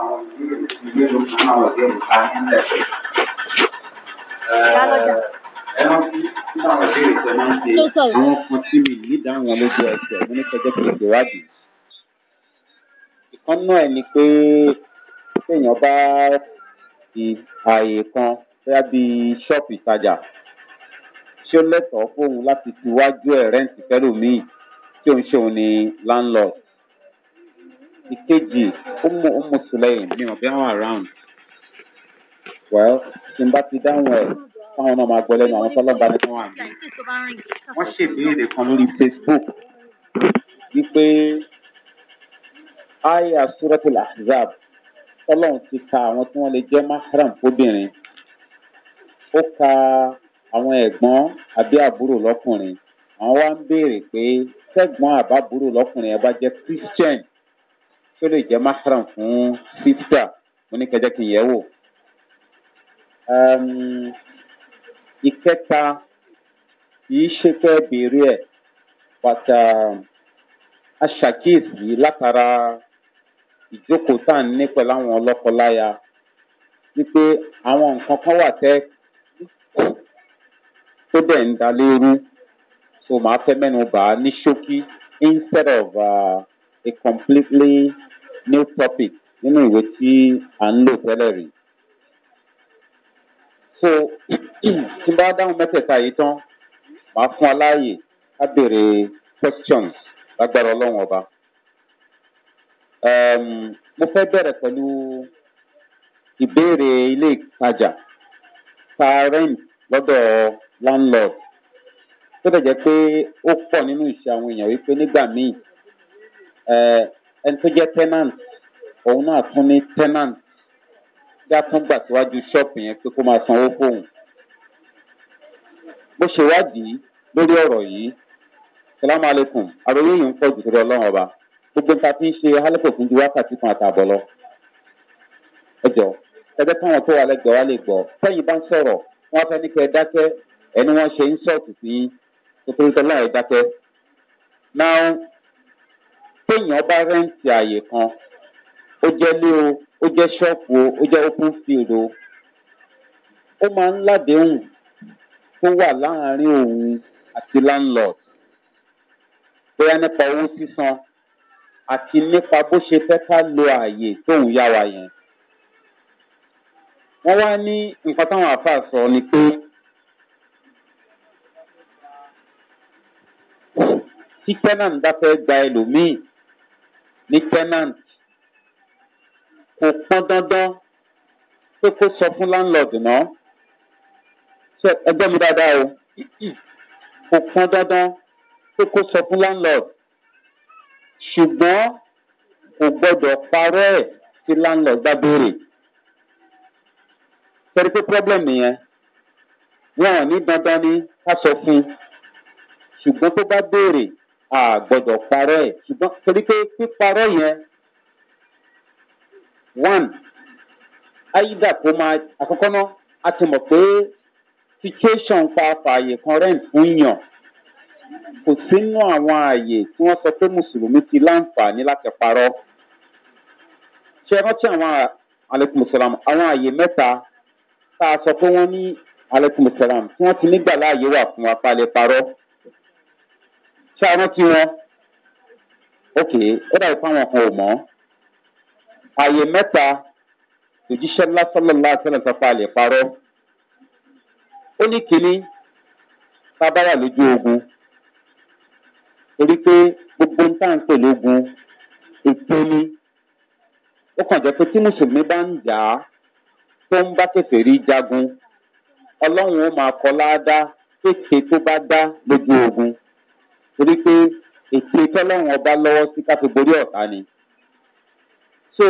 àwọn ìbéèrè ìbéèrè fún àwọn ìbéèrè ká nílẹ̀. ẹ máa fi fún àwọn ìbéèrè tẹ máa ń ṣe àwọn kan tí mi nídáhùn lójú ẹsẹ̀ mo ní kẹjọ kí n ṣèwádìí. ìkan náà ni pé téèyàn bá di ààyè kan bóyá bíi ṣọ́ọ̀pù ìtajà tí ó lẹ́tọ̀ọ́ fóun láti fi wájú ẹ̀ rẹ́ǹtì fẹ́lòmíì tí òun ṣe òun ni landlord ìkejì ọmọ ọmọ sùlẹyìn mi ò bí àwọn around well tí n bá ti dáhùn ẹ káwọn náà máa gbọ́ lẹ́nu àwọn tọ́lọ́ba ní káwọn àmì wọ́n ṣèbéèrè kan lórí facebook wípé aya suratul ahzab tọ́lọ́hún ti ka àwọn tí wọ́n lè jẹ́ mahram obìnrin ó ka àwọn ẹ̀gbọ́n àbí àbúrò lọ́kùnrin àwọn wá ń béèrè pé tẹ́gbọ́n àbábúrò lọ́kùnrin ẹ bá jẹ́ christian tó lè jẹ́ mahram fún fitra mo ní kẹjẹ́ kí n yẹ̀ wò. ìkẹta kìí ṣe pé béèrè ẹ̀ pàtà um, aṣàkíyèsí látara ìjókòó tá à ń ní pẹ̀lú àwọn ọlọ́kọláya wípé àwọn nǹkan kan wà tẹ́ tó dẹ̀ ń da léru so màá fẹ́ mẹ́nu bà á ní ṣókí instead of uh, a completely new topic nínú ìwé tí à ń lò tẹ́lẹ̀ rí. so tí bá dáhùn mẹ́tẹ̀ẹ̀ta yìí tán màá fún aláàyè á béèrè questions lágbára ọlọ́run ọba. mo fẹ́ bẹ̀rẹ̀ pẹ̀lú ìbéèrè ilé ìtajà ta rent lọ́dọ̀ landlord tó dẹ̀ jẹ́ pé ó pọ̀ nínú ìṣe àwọn èèyàn wípé nígbà míì ẹni tó jẹ́ tenant òun náà tún ní tenant dá tún gbà síwájú ṣọ́ọ̀pù yẹn pé kó máa sanwó fóun bó ṣe wádìí lórí ọ̀rọ̀ yìí salamu alaykum àròyé yìí ń pọ̀ jù lórí ọlọ́run ọba gbogbo nǹkan tí ń ṣe alẹ́pọ̀ fún ju wákàtí kan àtààbọ̀ lọ ẹ jọ ẹgbẹ́ táwọn tó wà lẹ́gbẹ̀ẹ́ wa lè gbọ́ sẹ́yìn bá ń sọ̀rọ̀ wọ́n fẹ́ ní kẹ́ ẹ dákẹ́ ẹni wọ́n ṣe ń sọ̀tù sí tuntun tó láì dákẹ́ náà téèyàn bá rẹ́ǹtì àyè kan ó jẹ́ lé o ó jẹ́ ṣọ́ọ̀pù o ó jẹ́ open field o ó máa ń ládéhùn tó wà láàrin òun àti landlord bóyá nípa owó sísan àti nípa bó ṣe fẹ́ ká lo ààyè tóun yá wa yẹn. wọ́n wá ní nǹkan táwọn àáfàá sọ ni pé tí tẹ́nà ń bá fẹ́ gba ẹlòmíì ní tenant kò pọn dandan pé kó sọ fún landlord náà ṣe ẹgbẹ́ mi dáadáa o kò pọn dandan pé kó sọ fún landlord ṣùgbọ́n kò gbọ́dọ̀ parọ́ ẹ̀ tí landlord bá béèrè sẹ́ni pé problem nìyẹn wọn ò ní dandan ni ká sọ fún un ṣùgbọ́n tó bá béèrè a gbọdọ̀ parọ́ ẹ̀ ṣùgbọ́n torí pé píparọ́ yẹn one aida kó máa àkọ́kọ́ náà a ti mọ̀ pé situation pa fààyè kan rent fún yàn kò sínú àwọn ààyè tí wọ́n sọ pé mùsùlùmí ti láǹfààní láti parọ́ ṣe rántí àwọn aleykum salam àwọn ààyè mẹ́ta tá a sọ pé wọ́n ní aleykum salam tí wọ́n ti nígbà láàyè wà fún apá lè parọ́ ṣé a rántí wọn ok ó dàbí fáwọn kan ò mọ́ ààyè mẹ́ta òjíṣẹ́ ńlá sọ́lọ́lá sẹ́lẹ̀ sọ́pá lè parọ́ ó ní kínní tábáyà lójú ogun torí pé gbogbo ń tá à ń pè lógun ètò ni ó kàn jẹ́ pé tí mùsùlùmí bá ń jà á tó ń bá kẹfẹ́ rí jagun ọlọ́run ó máa kọ́ láádá kéèké tó bá dá lójú ogun torí pé ète tọ́lọ́run ọba lọ́wọ́ sí ká fi borí ọ̀tá ni. so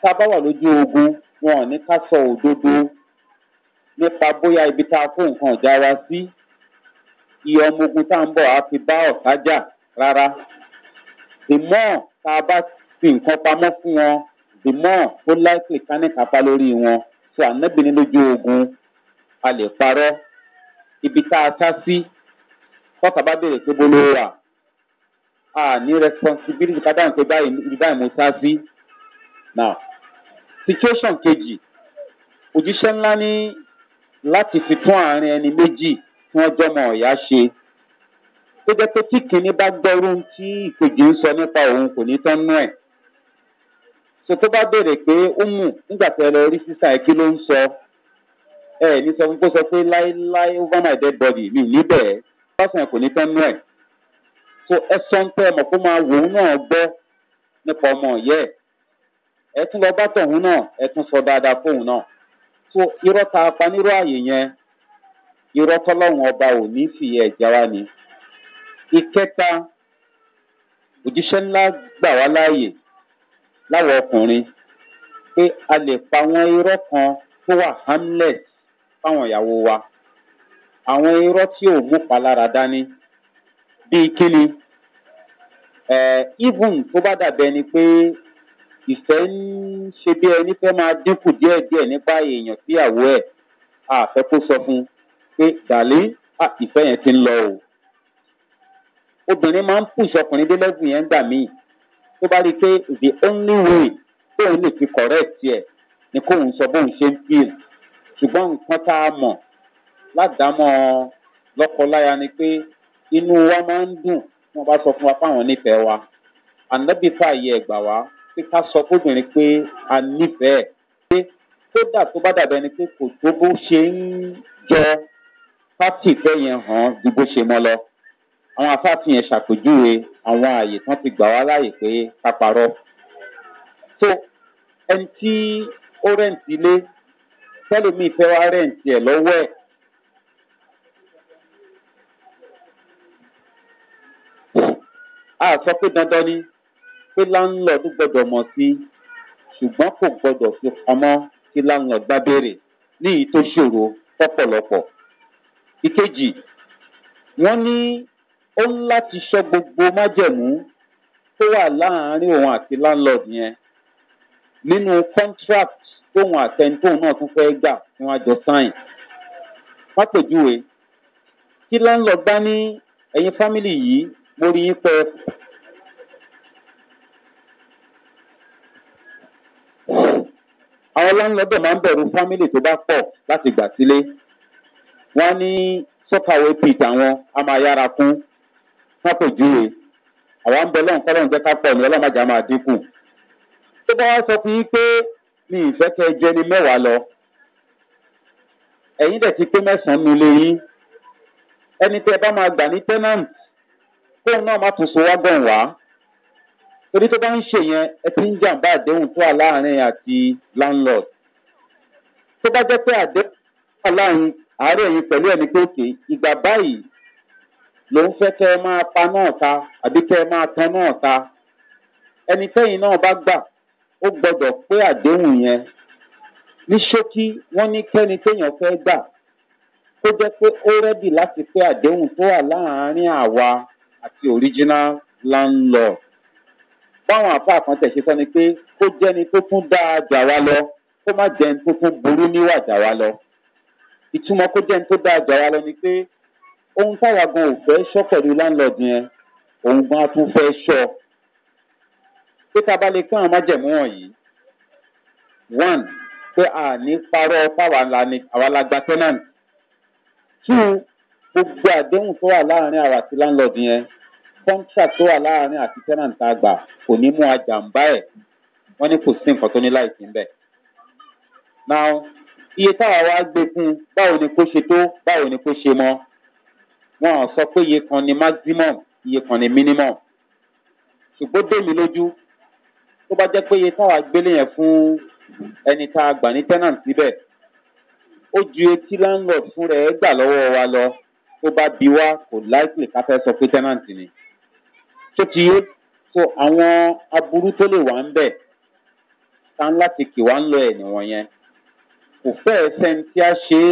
tá a bá wà lójú ogun wọn ò ní ká sọ òdodo nípa bóyá ibi tá a kó nǹkan ọ̀já wa sí iye ọmọ ogun tá ń bọ̀ á fi bá ọ̀tá jà rárá. the more tá a bá fi nǹkan pamọ́ fún wọn the more ó likely ká lórí wọn so ànábìíní lójú ogun a lè parọ́ ibi tá a sá sí. Si, fọ́ọ̀kà bá béèrè pé bó ló á ní responsibility ká dáhùn pé báyìí ibi báyìí mo sá now situation kejì òjíṣẹ́ ńlá ní láti fi tún àárín ẹni méjì tí wọ́n jọmọ ọ̀yá ṣe tó jẹ́ pé tí kìnínní bá gbọ́rú tí ìkejì ń sọ nípa òun kò ní tán nú ẹ̀ so tó bá béèrè pé ó mù nígbà tí ẹ lọ rí sísá ẹ kí ló ń sọ ẹ ní sọ fún pé sọ pé láéláé over my dead body mi níbẹ̀ pásítọ̀ yẹn kò ní fẹ́ mú ẹ̀ so ẹ sọ ń tẹ́ ọmọ kó máa wò ó náà gbọ́ nípa ọmọ ìyá ẹ̀ ẹ tún lọ bá tọ̀hún náà ẹ tún sọ dáadáa fóun náà so irọ́ ta apá àyè yẹn irọ́ tọ́lọ́hún ọba ò ní fìyà ẹ̀já wa ni ìkẹta òjíṣẹ́ ńlá gbà wá láàyè láwọ ọkùnrin pé a lè pa àwọn irọ́ kan tó wà hamlet fáwọn ìyàwó wa. àwọn irọ́ tí ò mú palára dání bíi kíni even tó bá dàbẹ́ ni pé ìfẹ́ ń ṣe bí ẹni fẹ́ máa dínkù díẹ̀díẹ̀ nípa èèyàn síyàwó ẹ̀ àfẹ́ kó sọ fún un pé dàlí ìfẹ́ yẹn ti ń lọ o obìnrin máa ń pùsọ ọkùnrin dé lẹ́gùn yẹn gbà míì tó bá rí i pé the only way tóun lè fi correct yẹ ni kóun sọ bóun ṣe ń feel ṣùgbọ́n nǹkan tá a mọ̀ ládàámọ́ lọ́kọ-láya ni pé inú wa máa ń dùn tí bá sọ fún wa fáwọn nífẹ̀ẹ́ wa ànábì fààyè ẹ̀gbà wá pé ká sọ fóbìnrin pé a nífẹ̀ẹ́ pé kódà tó bá dàbẹ́ ni pé kò tó bó ṣe ń jọ pátì ìfẹ́ yẹn hàn ju bó ṣe mọ́ lọ àwọn afáàfin yẹn ṣàpèjúwe àwọn ààyè tán ti gbà wá láàyè pé ká parọ́ so ẹni tí ó rẹ̀ǹtì ilé tẹ́lómi ìfẹ́ wa rẹ̀ǹtì ẹ̀ lọ́wọ́ ẹ̀ a sọ pé dandan ni pé láńlọ́ọ̀dù gbọ́dọ̀ mọ̀ sí ṣùgbọ́n kò gbọ́dọ̀ fi pamọ́ kí láńlọ́ọ̀dù bá béèrè ní èyí tó ṣòro pọ̀pọ̀lọpọ̀. ìkejì wọ́n ní ó ń láti sọ gbogbo májẹ̀mú tó wà láàárín òun àti landlord yẹn nínú contract tóun àtẹnitóun náà tún fẹ́ gbà fún àjọ sáìn. wọ́n pèjúwe kí landlord bá ní ẹ̀yin fámìlì yìí mo rí yín pé àwọn láńlọ́dọ̀ máa ń bẹ̀rù fámìlì tó bá pọ̀ láti gbà sílé wọ́n ní sọ́kàwé pit àwọn a máa yára kún sápèjúwe àwa ń bẹ lọ́n kọ́lọ́n jẹ́ ká pọ̀ ní ọlọ́màjà máa dínkù tó bá wá sọ fún yín pé mi ìfẹ́ kẹ jẹ ní mẹ́wàá lọ ẹ̀yin dẹ̀ ti pé mẹ́sàn-án nulẹ̀ yín ẹni tẹ́ bá máa gbà ní tẹ́nàǹtì fóun náà má tún so wá gàn wá torí tó bá ń ṣe yẹn ẹ ti ń jàǹbá àdéhùn tó wà láàrin àti landlord tó bá jẹ́ pé àdéhùn tó wà láàrin àárẹ̀ yìí pẹ̀lú ẹni pé òkè ìgbà báyìí ló ń fẹ́ kẹ́ ẹ máa pa náà ta àbí kẹ́ ẹ máa tan náà ta ẹni tẹ́yìn náà bá gbà ó gbọ́dọ̀ pé àdéhùn yẹn ní ṣókí wọ́n ní kẹ́ni téèyàn fẹ́ gbà kó jẹ́ pé ó rẹ́dì láti pé àdéhùn tó wà láàrin àwa àti original landlord báwọn àfáà kan tẹ̀ ṣe sọ ni pé kó jẹ́ni tó tún dáa jà wá lọ kó má jẹ́ni tó tún burú níwà jà wá lọ ìtumọ̀ kó jẹ́ni tó dáa jà wá lọ ni pé ohun táwa gan ò fẹ́ sọ pẹ̀lú landlord yẹn òun gan á tún fẹ́ sọ pé tá a bá lè kí àwọn májẹ̀mú wọ̀nyí one pé a ní parọ́ fáwa la ni àwa two gbogbo àdéhùn tó wà láàrin àwa àti láńlọ́ọ̀dù yẹn contract tó wà láàrin àti tenant àgbà kò ní mú àjàmbá ẹ̀ wọ́n ní kò sí nǹkan tó ní láìsí ń bẹ̀. now iye táwa wá gbé fún báwo ni kó ṣe tó báwo ni kó ṣe mọ́ wọn ò sọ pé iye kan ni maximum iye kan ni minimum ṣùgbọ́n dèmi lójú tó bá jẹ́ pé iye táwa gbélé yẹn fún ẹni tá a gbà ní tenant síbẹ̀ ó ju etí landlord fún rẹ̀ gbà lọ́wọ́ wa lọ. Lo tó bá bi wá kò láìpẹ́ ká fẹ́ sọ pé tẹ́nàntì ni. tó ti yé so àwọn aburú tó lè wà ń bẹ̀ ta ń láti kì wá ń lọ ẹ̀ nìwọ̀nyẹn. kò fẹ́ ẹsẹ̀n tí a ṣe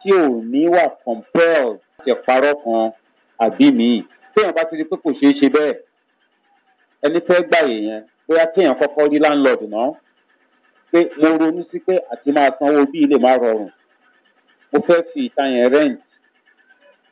tí ò ní wà compel ti parọ́ kan àbí míì. téèyàn bá ti di pé kò ṣeé ṣe bẹ́ẹ̀ ẹni fẹ́ gbàyè yẹn bóyá kéèyàn kọ́kọ́ rí láńlọ́ọ̀dù náà pé mo ronú sí pé àti máa sanwó bí ilé máa rọrùn mo fẹ́ fi ìtayẹn rent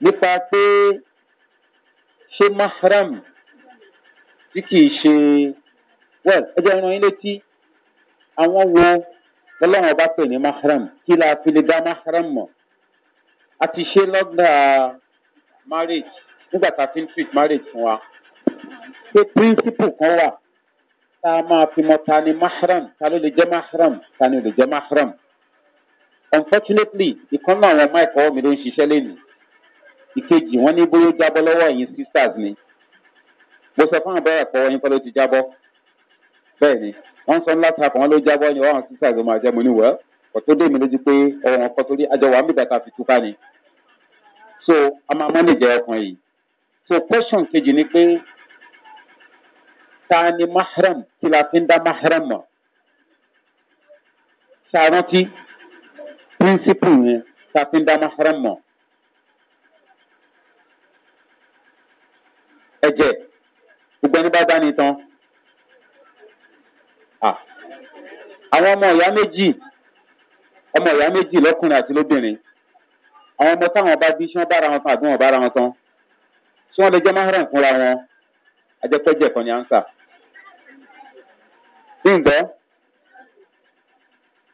nípa pé ṣé mahram tí kìí ṣe well ẹ jẹ́ ìran yín létí àwọn wo lọ́lọ́run ọba pè ní mahram kí la fi lè dá mahram mọ̀ a ti ṣe lọ́gbà marriage nígbà tá a fi ń treat marriage fún wa pé principle kan wà tá a máa fi mọ ta ni mahram ta ló lè jẹ́ mahram ta ni lè jẹ́ mahram unfortunately ìkànnì àwọn ọmọ ẹ̀kọ́ mi ló ń ṣiṣẹ́ lénìí ìkejì wọn ní bóyá ó jábọ́ lọ́wọ́ ẹ̀yin sisters ni mo sọ fún àbẹ́rẹ́ ẹ̀kọ́ ẹ̀yin kọ́ ló ti jábọ́ bẹ́ẹ̀ ni wọ́n sọ ńlá takùn wọn ló jábọ́ ẹ̀yin ọ̀hún sisters ló máa jẹ́ mo ní wẹ́ ọ̀ dé mi lójú pé ọ̀rọ̀ wọn kọ́ torí àjọ wàá mìíràn ká fi túká ni so a máa mọ́ nìjẹ́ ọkàn yìí so question kejì ni pé ta ni mahram kí la fi ń dá mahram mọ̀ ṣàrántí principle yẹn ta fi ń dá mahram mọ̀. ẹ̀jẹ̀ gbogbo ẹni bá bá ní tán. àwọn ọmọ ìyá méjì ọmọ ìyá méjì lọ́kùnrin àti lóbìnrin àwọn ọmọ táwọn bá bí ṣé wọ́n bára wọn tán àbí wọ́n bára wọn tán ṣé wọ́n lè jẹ́ mahram fúnra wọn ajẹ́pẹ́jẹ́ kan ní ansa. bí ǹgbọ́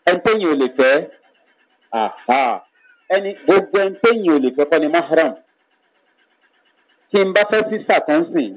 ẹni téèyàn ò lè fẹ́ ẹni gbogbo ẹni téèyàn ò lè fẹ́ kọ́ ni mahram tí n bá fẹ́ sí sàkánsìn